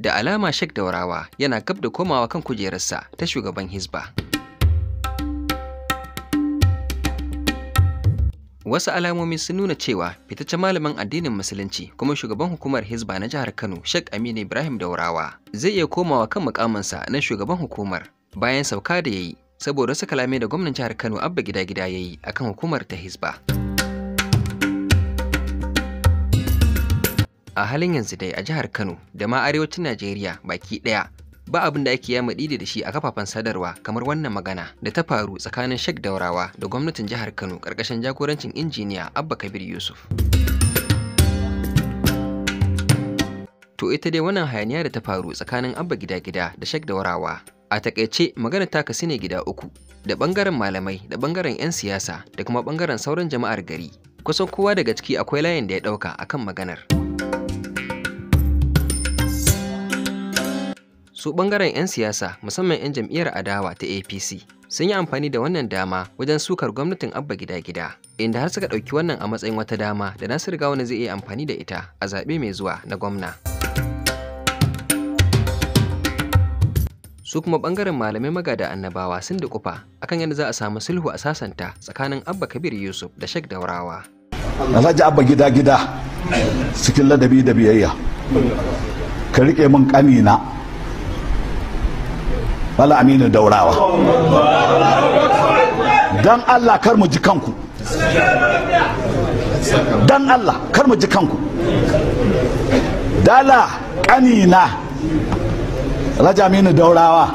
da alama shek Daurawa yana gab da komawa kan kujerarsa ta shugaban Hizba. Wasu alamomi sun nuna cewa fitaccen malamin addinin Musulunci kuma shugaban hukumar Hizba na jihar Kano shek Aminu Ibrahim Daurawa zai iya komawa kan mukaminsa na shugaban hukumar bayan sauka da ya yi saboda wasu kalamai da gwamnan jihar Kano Abba Gida Gida ya yi akan hukumar ta Hizba. a halin yanzu dai a jihar Kano da ma arewacin Najeriya baki ɗaya ba abin da ake yama didi da shi a kafafen sadarwa kamar wannan magana da ta faru tsakanin Sheikh Daurawa da gwamnatin jihar Kano karkashin jagorancin injiniya Abba Kabir Yusuf. To ita dai wannan hayaniya da ta faru tsakanin Abba gida-gida da Sheikh Daurawa a takaice magana ta kasu ne gida uku da bangaren malamai da bangaren 'yan siyasa da kuma ɓangaren sauran jama'ar gari kusan kowa daga ciki akwai layin da ya ɗauka akan maganar. su ɓangaren 'yan siyasa musamman 'yan jam'iyyar adawa ta apc sun yi amfani da wannan dama wajen sukar gwamnatin abba gida-gida inda har suka ɗauki wannan a matsayin wata dama da nasir wani zai iya amfani da ita a zaɓe mai zuwa na gwamna su kuma ɓangaren malamai magada annabawa sun da kufa akan yadda za a samu sulhu a sasanta tsakanin abba kabir yusuf da shek daurawa alhaji abba gida-gida cikin ladabi da biyayya ka riƙe min ƙanina bala aminu daurawa dan allah kar mu ji kanku dan allah kar mu ji kanku dala kanina raja aminu daurawa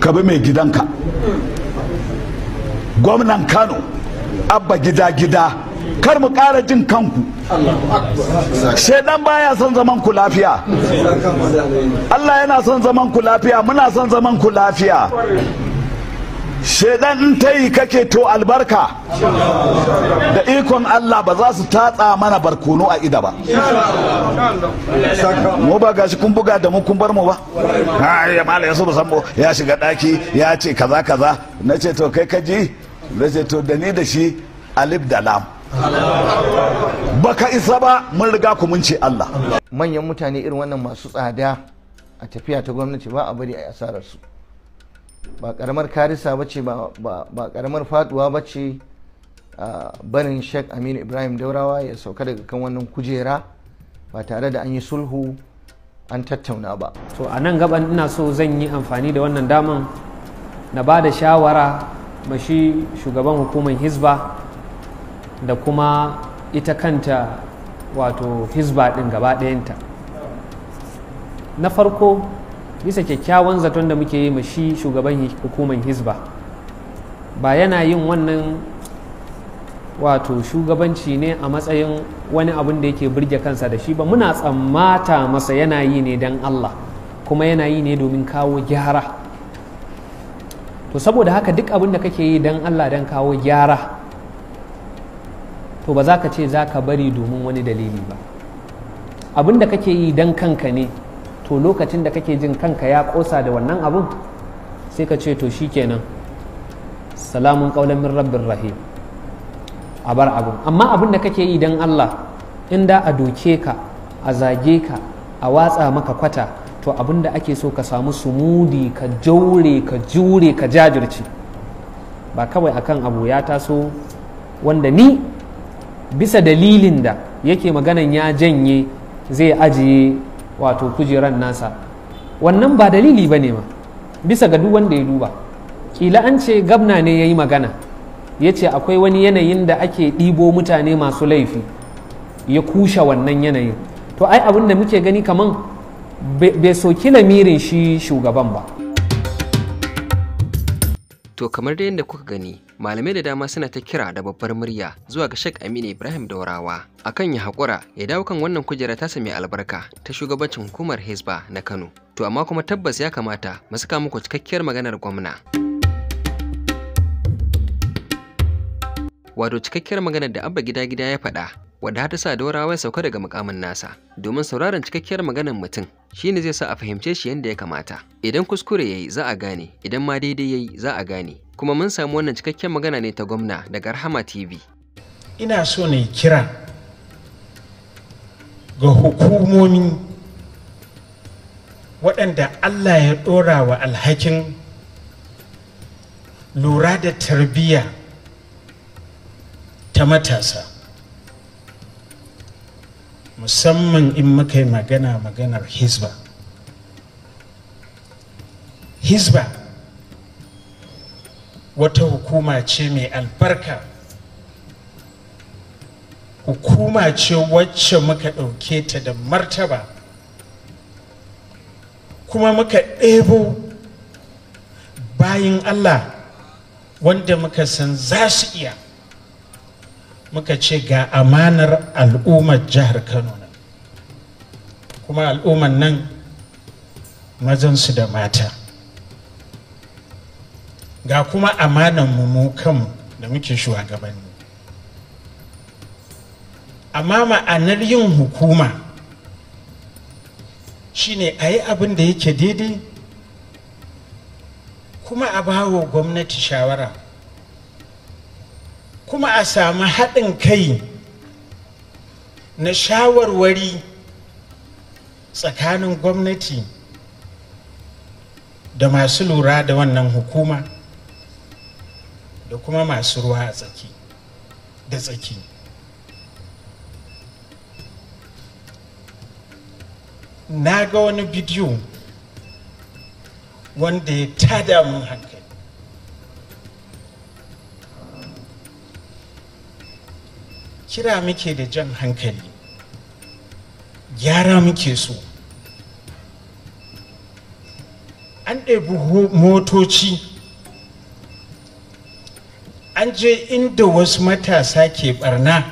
ka bi mai gidanka gwamnan kano abba gida gida kar mu ƙara jin kanku shaidan baya son zaman ku lafiya Allah yana son zaman ku lafiya muna son zaman ku lafiya shaidan in ta yi kake to albarka da ikon Allah ba za su tatsa mana barkono a ida ba mu ba gashi kun buga da mu kun bar mu ba ya mala ya so ba san ya shiga daki ya ce kaza kaza na ce to kai kaji na ce to da ni da shi alif da lam baka isa ba mun riga ku mun ce Allah manyan mutane irin wannan masu tsada a tafiya ta gwamnati ba a bari a asarar su ba karamar karisa ba ba karamar faduwa ba ce barin sheikh aminu ibrahim daurawa ya sauka daga kan wannan kujera ba tare da an yi sulhu an tattauna ba to a nan gaban ina so zan yi amfani da wannan daman na ba da shawara shi shugaban hukumar hizba da kuma ita kanta wato hizba ɗin gaba ɗayanta na farko bisa kyakkyawan zaton da muke yi ma shi shugaban hukumar hizba ba yana yin wannan wato shugabanci ne a matsayin wani abin da yake birge kansa da shi ba muna tsammata masa yana yi ne don Allah kuma yana yi ne domin kawo gyara to saboda haka duk abin da kake yi don Allah don kawo gyara to ba za ka ce za ka bari domin wani dalili ba abin da kake yi don kanka ne to lokacin da kake jin kanka ya kosa da wannan abin sai ka ce to shi kenan salamun kaulamin rabbin rahim a bar abin amma abin da kake yi don allah inda a doke ka a zage ka a watsa maka kwata to abin da ake so ka samu sumudi ka jaure ka jure ka jajirce ba kawai akan abu ya taso wanda ni bisa dalilin da yake maganan ya janye zai ajiye wato kujeran nasa wannan ba dalili ba ne ma bisa ga duk wanda ya duba kila an ce gabna ne ya yi magana ya ce akwai wani yanayin da ake ɗibo mutane masu laifi ya kushe wannan yanayin to ai abin da muke gani kaman bai soki lamirin shi shugaban ba to kamar da yadda kuka gani malamai da dama suna ta kira da babbar murya zuwa ga Sheikh Aminu Ibrahim Daurawa akan ya haƙura ya dawo kan wannan kujera ta sami albarka ta shugabancin hukumar Hizba na Kano. To amma kuma tabbas ya kamata mu saka muku cikakkiyar maganar gwamna. Wato cikakkiyar maganar da Abba Gida Gida ya faɗa wadda har ta sa Daurawa ya sauka daga mukamin nasa domin sauraron cikakkiyar maganar mutum shi ne zai sa a fahimce shi yadda ya kamata idan kuskure yayi za a gane idan ma daidai yayi za a gane kuma mun samu wannan cikakken magana ne ta gwamna daga Rahama TV. Ina so ne kira ga hukumomi waɗanda Allah ya ɗora wa alhakin lura da tarbiyya ta matasa musamman in muka magana maganar Hisba. hizba wata hukuma ce mai albarka hukuma ce wacce muka ɗauke ta da martaba kuma muka ɗebo bayan Allah wanda muka san za su iya muka ce ga amanar al'ummar jihar Kano na kuma al'ummar nan mazansu da mata ga kuma amanan mu mu kanmu da muke shugabanni amma ma'anar yin hukuma shine a yi abin da yake daidai kuma a bawa gwamnati shawara kuma a samu haɗin kai na shawarwari tsakanin gwamnati da masu lura da wannan hukuma da kuma masu ruwa a tsaki da tsaki na ga wani bidiyo wanda ya tada mun hankali kira muke da jan hankali gyara muke so an ɗebi motoci an je inda wasu matasa ke barna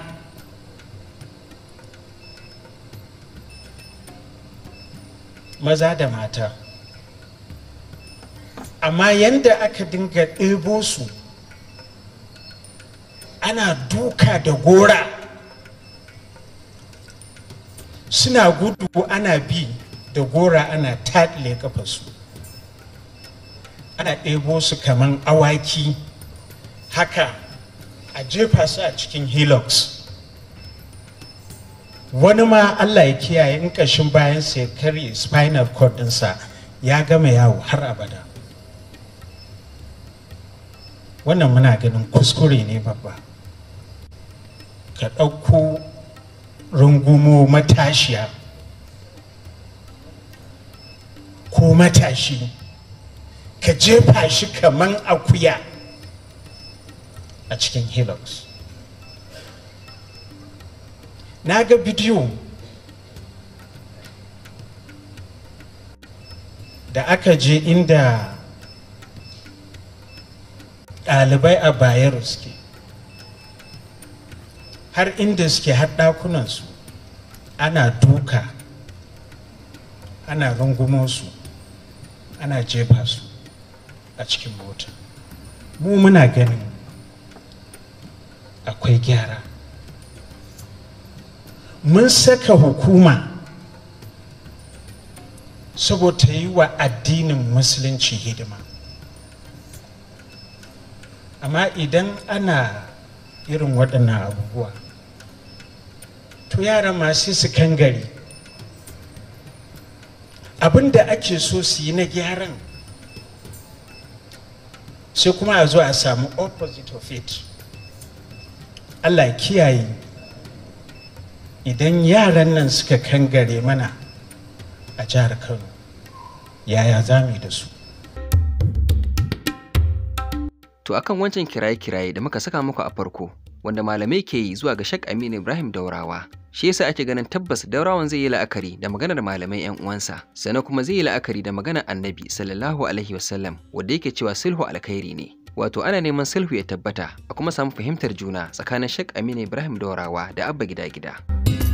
maza da mata amma yadda aka dinga ɗebo su ana duka da gora suna gudu ana bi da gora ana taɗile su ana ɗebo su kaman awaki haka a jefa su a cikin helix wani ma allah ya kiyaye in ƙashin sa ya karye spinal cord ɗinsa ya gama yawo har abada wannan muna ganin kuskure ne babba ka ɗauko rungumo matashiya ko matashi ka jefa shi kaman akuya a cikin hilux na ga bidiyo da aka je inda ɗalibai a bayero suke har inda suke haɗakunansu ana duka ana rungumansu ana jefa su a cikin mota mu muna ganin akwai gyara mun saka hukuma saboda yi wa addinin musulunci hidima amma idan ana irin waɗannan abubuwa to yara masu su kangare abin da ake so su yi na gyaran sai kuma a zo a samu opposite of it allah kiyaye idan yaran nan suka kangare mana a jihar kano yaya za mu da su to akan wancan kiraye-kiraye da muka saka muku a farko wanda malamai ke yi zuwa ga shak aminu ibrahim daurawa shi yasa ake ganin tabbas daurawan zai yi la'akari da maganar malamai yan uwansa sannan kuma zai yi la'akari da maganar annabi sallallahu alaihi wasallam wanda yake cewa sulhu alkhairi ne wato ana neman sulhu ya tabbata a kuma samu fahimtar juna tsakanin Sheikh Aminu Ibrahim Dorawa da Abba Gida Gida.